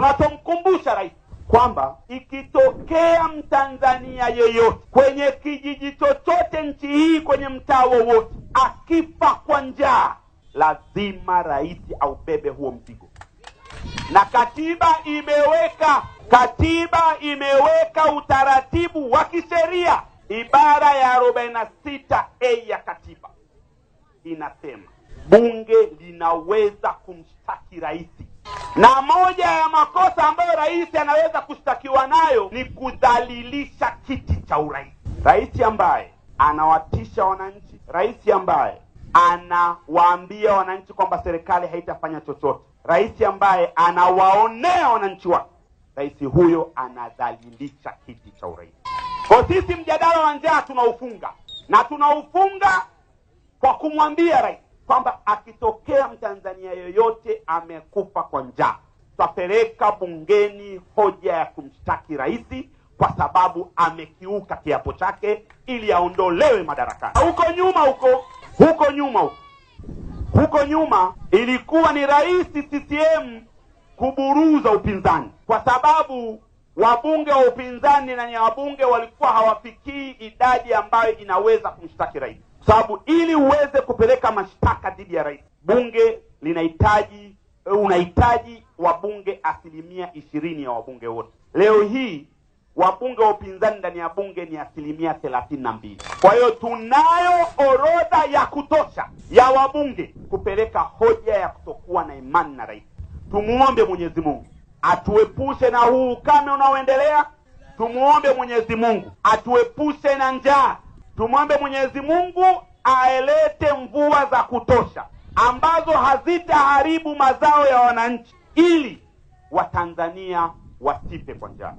tunachomkumbusha rais kwamba ikitokea Mtanzania yeyote kwenye kijiji chochote nchi hii, kwenye mtaa wowote, akifa kwa njaa, lazima rais aubebe huo mzigo, na katiba imeweka katiba imeweka utaratibu wa kisheria. Ibara ya arobaini na sita A ya katiba inasema bunge linaweza kumshtaki raisi na moja ya makosa ambayo rais anaweza kushtakiwa nayo ni kudhalilisha kiti cha urais. Rais ambaye anawatisha wananchi, rais ambaye anawaambia wananchi kwamba serikali haitafanya chochote, rais ambaye anawaonea wananchi wake, rais huyo anadhalilisha kiti cha urais. Kwa sisi mjadala wa njaa tunaufunga, na tunaufunga kwa kumwambia rais kwamba akitokea mtanzania yoyote amekufa kwa njaa twapeleka bungeni hoja ya kumshtaki rahisi kwa sababu amekiuka kiapo chake ili aondolewe madarakani huko nyuma huko huko nyuma huko huko nyuma ilikuwa ni rahisi CCM kuburuza upinzani kwa sababu wabunge wa upinzani na wabunge walikuwa hawafikii idadi ambayo inaweza kumshtaki rahisi kwa sababu ili uweze kupeleka mashtaka dhidi ya rais, bunge linahitaji unahitaji wabunge asilimia ishirini ya wabunge wote. Leo hii wabunge wa upinzani ndani ya bunge ni asilimia thelathini na mbili. Kwa hiyo tunayo orodha ya kutosha ya wabunge kupeleka hoja ya kutokuwa na imani na rais. Tumuombe Mwenyezi Mungu atuepushe na huu ukame unaoendelea. Tumuombe Mwenyezi Mungu atuepushe na njaa. Tumwombe Mwenyezi Mungu aelete mvua za kutosha ambazo hazitaharibu mazao ya wananchi ili Watanzania wasife kwa njaa.